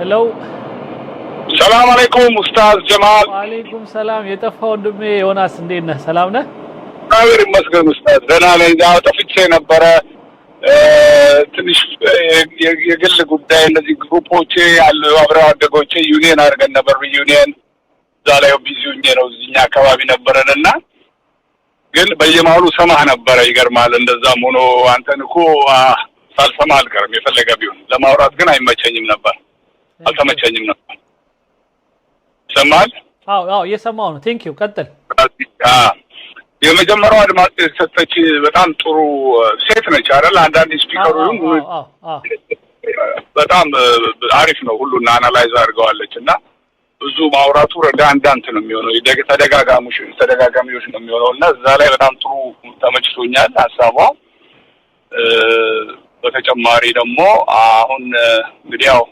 ሄሎ ሰላም አለይኩም ኡስታዝ ጀማል። ወአለይኩም ሰላም። የጠፋ ወንድሜ ዮናስ እንዴት ነህ? ሰላም ነህ? እግዚአብሔር ይመስገን ኡስታዝ ደህና ነኝ። ያው ጠፍቼ ነበረ ትንሽ የግል ጉዳይ እነዚህ ግሩፖቼ ያሉ አብረው አደጎቼ ዩኒየን አድርገን ነበር። ዩኒየን እዛ ላይ ቢዚ ነው እዚኛ አካባቢ ነበረን እና ግን በየመሀሉ ሰማህ ነበረ። ይገርማል። እንደዛም ሆኖ አንተን እኮ ሳልሰማ አልቀርም የፈለገ ቢሆን ለማውራት ግን አይመቸኝም ነበር አልተመቸኝም ነው። ይሰማል? አዎ፣ አዎ፣ እየሰማሁ ነው። ቴንክ ዩ ቀጥል። የመጀመሪያው አድማጭ የሰጠች በጣም ጥሩ ሴት ነች አይደል? አንዳንድ ስፒከሩ በጣም አሪፍ ነው። ሁሉን አናላይዝ አድርገዋለች እና ብዙ ማውራቱ ሬዳንዳንት ነው የሚሆነው ተደጋጋሚዎች ተደጋጋሚዎች ነው የሚሆነው እና እዛ ላይ በጣም ጥሩ ተመችቶኛል ሀሳቧ። በተጨማሪ ደግሞ አሁን እንግዲህ ያው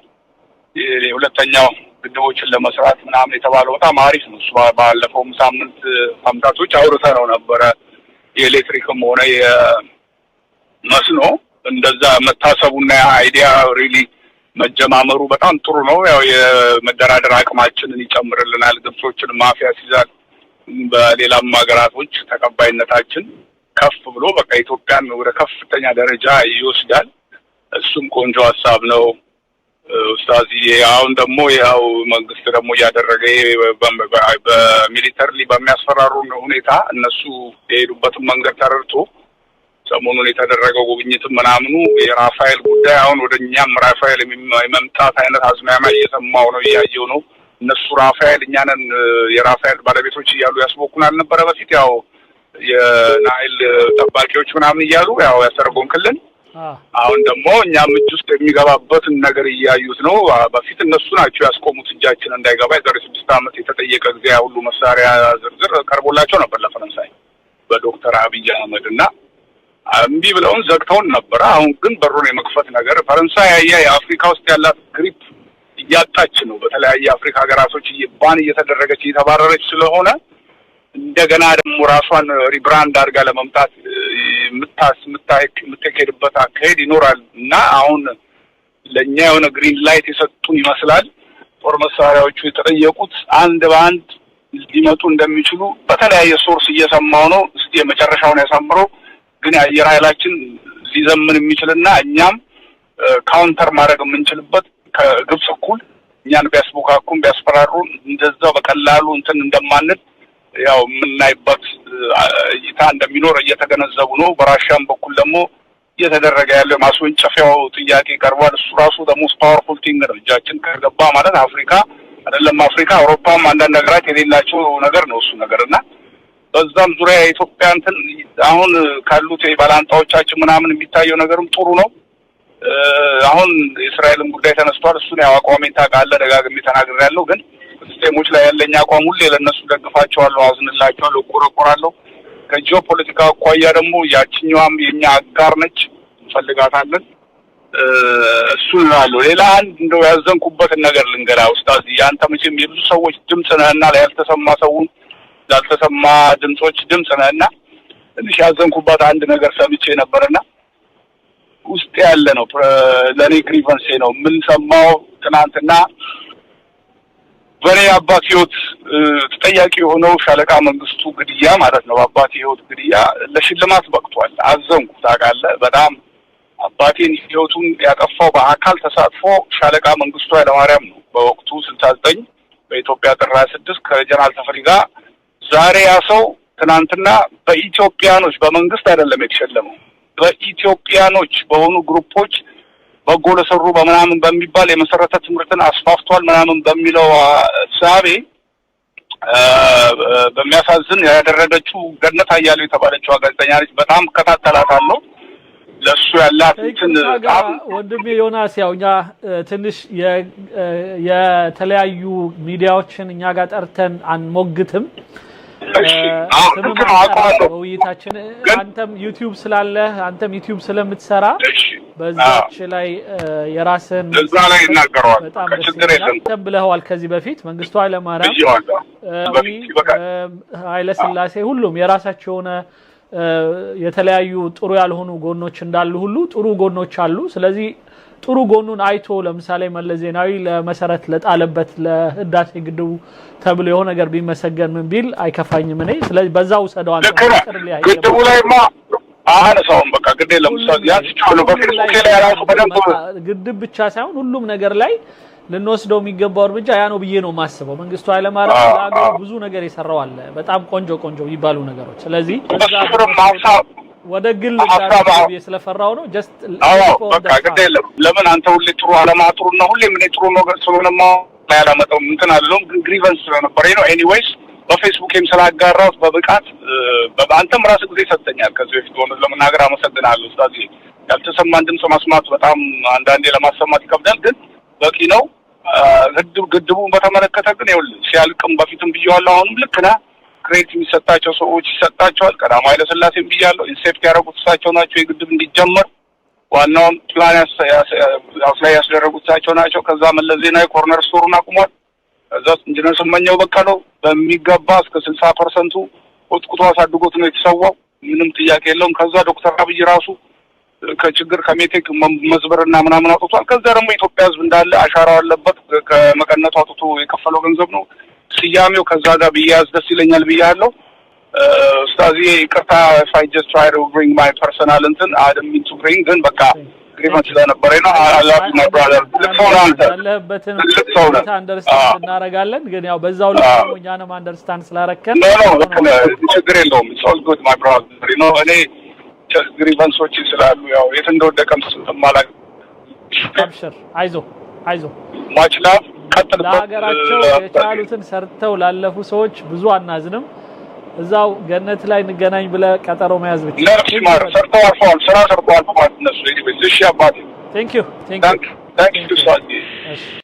ሁለተኛው ግድቦችን ለመስራት ምናምን የተባለው በጣም አሪፍ ነው። ባለፈውም ሳምንት አምታቶች አውርተ ነው ነበረ የኤሌክትሪክም ሆነ የመስኖ እንደዛ መታሰቡና አይዲያ ሪሊ መጀማመሩ በጣም ጥሩ ነው። ያው የመደራደር አቅማችንን ይጨምርልናል። ግብሶችን ማፊያ ሲዛል በሌላም ሀገራቶች ተቀባይነታችን ከፍ ብሎ በቃ ኢትዮጵያን ወደ ከፍተኛ ደረጃ ይወስዳል። እሱም ቆንጆ ሀሳብ ነው። ኡስታዝ አሁን ደግሞ ያው መንግስት ደግሞ እያደረገ በሚሊተሪ በሚያስፈራሩ ሁኔታ እነሱ የሄዱበትን መንገድ ተረድቶ ሰሞኑን የተደረገው ጉብኝት ምናምኑ የራፋኤል ጉዳይ አሁን ወደ እኛም ራፋኤል የመምጣት አይነት አዝማሚያ እየሰማው ነው እያየው ነው። እነሱ ራፋኤል እኛንን የራፋኤል ባለቤቶች እያሉ ያስቦኩናል ነበረ በፊት ያው የናይል ጠባቂዎች ምናምን እያሉ ያው ያሰረጎንክልን አሁን ደግሞ እኛም የሚገባበትን ነገር እያዩት ነው። በፊት እነሱ ናቸው ያስቆሙት እጃችን እንዳይገባ። የዛሬ ስድስት ዓመት የተጠየቀ ጊዜ ሁሉ መሳሪያ ዝርዝር ቀርቦላቸው ነበር ለፈረንሳይ በዶክተር አብይ አህመድ እና እምቢ ብለውን ዘግተውን ነበረ። አሁን ግን በሩን የመክፈት ነገር ፈረንሳይ አያ የአፍሪካ ውስጥ ያላት ግሪፕ እያጣች ነው። በተለያየ አፍሪካ ሀገራቶች ባን እየተደረገች እየተባረረች ስለሆነ እንደገና ደግሞ ራሷን ሪብራንድ አድርጋ ለመምጣት የምታስ የምታሄድበት አካሄድ ይኖራል እና አሁን ለእኛ የሆነ ግሪን ላይት የሰጡን ይመስላል። ጦር መሳሪያዎቹ የተጠየቁት አንድ በአንድ ሊመጡ እንደሚችሉ በተለያየ ሶርስ እየሰማው ነው። እስቲ የመጨረሻውን ያሳምረው። ግን የአየር ኃይላችን ሊዘምን የሚችልና እኛም ካውንተር ማድረግ የምንችልበት ከግብጽ እኩል እኛን ቢያስቦካኩን ቢያስፈራሩ እንደዛው በቀላሉ እንትን እንደማንል ያው የምናይበት እይታ እንደሚኖር እየተገነዘቡ ነው። በራሻም በኩል ደግሞ እየተደረገ ያለው የማስወንጨፊያው ጥያቄ ቀርቧል። እሱ ራሱ ደሞስ ፓወርፉል ቲንግ ነው። እጃችን ከገባ ማለት አፍሪካ አይደለም አፍሪካ አውሮፓም አንዳንድ ሀገራት የሌላቸው ነገር ነው እሱ ነገር እና በዛም ዙሪያ የኢትዮጵያ እንትን አሁን ካሉት ባላንጣዎቻችን ምናምን የሚታየው ነገርም ጥሩ ነው። አሁን የእስራኤልን ጉዳይ ተነስቷል። እሱን ያው አቋሜን ታውቃለህ፣ ደጋግሜ ተናግሬያለሁ። ግን ስቴሞች ላይ ያለኝ አቋም ሁሌ ለእነሱ ደግፋቸዋለሁ፣ አዝንላቸዋለሁ፣ እቆረቆራለሁ ከጂኦ ፖለቲካ አኳያ ደግሞ ያችኛዋም የኛ አጋር ነች፣ እንፈልጋታለን። እሱ እላለሁ። ሌላ አንድ እንደው ያዘንኩበትን ነገር ልንገራ ውስጣዚ የአንተ መቼም የብዙ ሰዎች ድምፅ ነህና ያልተሰማ ሰውን ድምጾች ድምፆች ድምፅ ነህና ትንሽ ያዘንኩበት አንድ ነገር ሰምቼ ነበርና ውስጥ ያለ ነው ለእኔ ግሪቨንሴ ነው የምንሰማው ትናንትና በእኔ አባት ህይወት ተጠያቂ የሆነው ሻለቃ መንግስቱ ግድያ ማለት ነው፣ አባቴ ህይወት ግድያ ለሽልማት በቅቷል። አዘንኩ ታውቃለህ። በጣም አባቴን ህይወቱን ያጠፋው በአካል ተሳትፎ ሻለቃ መንግስቱ ኃይለማርያም ነው በወቅቱ ስልሳ ዘጠኝ በኢትዮጵያ ጥር ሀያ ስድስት ከጀነራል ተፈሪ ጋር። ዛሬ ያ ሰው ትናንትና በኢትዮጵያኖች በመንግስት አይደለም የተሸለመው በኢትዮጵያኖች በሆኑ ግሩፖች በጎ ለሰሩ በምናምን በሚባል የመሰረተ ትምህርትን አስፋፍቷል ምናምን በሚለው ሳቤ በሚያሳዝን ያደረገችው ገነት አያሌው የተባለችው ጋዜጠኛ ነች። በጣም እከታተላታለሁ። ለእሱ ያላት እንትን ወንድሜ ዮናስ፣ ያው እኛ ትንሽ የተለያዩ ሚዲያዎችን እኛ ጋር ጠርተን አንሞግትም። ውይይታችን አንተም ዩቲዩብ ስላለህ አንተም ዩቲዩብ ስለምትሰራ በዛች ላይ የራስን እዛ ላይ ይናገረዋል። በጣም የለም ብለኸዋል። ከዚህ በፊት መንግስቱ ኃይለማርያም፣ ኃይለስላሴ ሁሉም የራሳቸው የሆነ የተለያዩ ጥሩ ያልሆኑ ጎኖች እንዳሉ ሁሉ ጥሩ ጎኖች አሉ። ስለዚህ ጥሩ ጎኑን አይቶ ለምሳሌ መለስ ዜናዊ ለመሰረት ለጣለበት ለህዳሴ ግድቡ ተብሎ የሆነ ነገር ቢመሰገን ምን ቢል አይከፋኝም እኔ። ስለዚህ በዛ ውሰደዋል። ግድቡ ላይማ አነሳውን በቃ ግድ የለም ያንስቼዋለሁ። በፌስቡክ ላይ ራሱ በደንብ ግድብ ብቻ ሳይሆን ሁሉም ነገር ላይ ልንወስደው የሚገባው እርምጃ ያ ነው ብዬ ነው የማስበው። መንግስቱ ኃይለማርያም ለአገሩ ብዙ ነገር የሰራው አለ፣ በጣም ቆንጆ ቆንጆ የሚባሉ ነገሮች። ስለዚህ ወደ ግል ስለፈራው ነው ጀስት በቃ ግድ የለም። ለምን አንተ ሁሌ ጥሩ አለማ ጥሩ እና ሁሌ ምን ጥሩ ነገር ስለሆነማ ያላመጣው እንትን አለውም ግሪቨንስ ስለነበረ ነው ኤኒዌይስ በፌስቡኬም ስላጋራሁት በብቃት አንተም ራስ ጊዜ ሰጥተኛል። ከዚህ በፊት ሆነ ለመናገር አመሰግናለሁ። ስለዚህ ያልተሰማን ድምፅ ማስማት በጣም አንዳንዴ ለማሰማት ይከብዳል፣ ግን በቂ ነው። ግድቡን በተመለከተ ግን ይኸውልህ ሲያልቅም በፊትም ብያዋለሁ፣ አሁንም ልክ ነህ። ክሬት የሚሰጣቸው ሰዎች ይሰጣቸዋል። ቀዳማዊ ኃይለሥላሴም ብያለሁ። ኢንሴፕት ያደረጉት እሳቸው ናቸው። የግድብ እንዲጀመር ዋናውን ፕላን ያስ ላይ ያስደረጉት እሳቸው ናቸው። ከዛ መለስ ዜናዊ ኮርነር ስቶሩን አቁሟል። ከዛ ኢንጂነር ስመኘው በቀለው በሚገባ እስከ ስልሳ ፐርሰንቱ ቁጥቁጦ አሳድጎት ነው የተሰዋው። ምንም ጥያቄ የለውም። ከዛ ዶክተር አብይ ራሱ ከችግር ከሜቴክ መዝበርና ምናምን አውጥቷል። ከዛ ደግሞ ኢትዮጵያ ሕዝብ እንዳለ አሻራው አለበት ከመቀነቱ አውጥቶ የከፈለው ገንዘብ ነው። ስያሜው ከዛ ጋር ብያያዝ ደስ ይለኛል ብያለሁ። ስታዚ ይቅርታ ፋይ ጀስት ትራይ ቱ ብሪንግ ማይ ፐርሰናል እንትን አይ ሚን ቱ ብሪንግ ግን በቃ ግሪመንት ስለነበረኝ ነው። አላፊና ብራዘር ትልቅ ሰው ነህ አንተ። ያለህበትን ሁኔታ አንደርስታንድ እናደርጋለን፣ ግን ያው በዛው ልክ እኛንም አንደርስታንድ ስላረከን ችግር የለውም። ሰው ጉድ ማይ ብራዘር ነው። እኔ ግሪቨንሶች ስላሉ ያው የት እንደወደቀም ማላቅ አብሽር፣ አይዞ አይዞ ማችላ ቀጥልበት። ለሀገራቸው የቻሉትን ሰርተው ላለፉ ሰዎች ብዙ አናዝንም። እዛው ገነት ላይ እንገናኝ ብለህ ቀጠሮ መያዝ ብቻ። ሰርተው አልፈዋል፣ ስራ ሰርተው አልፈዋል። እነሱ ቴንክ ዩ ቴንክ ዩ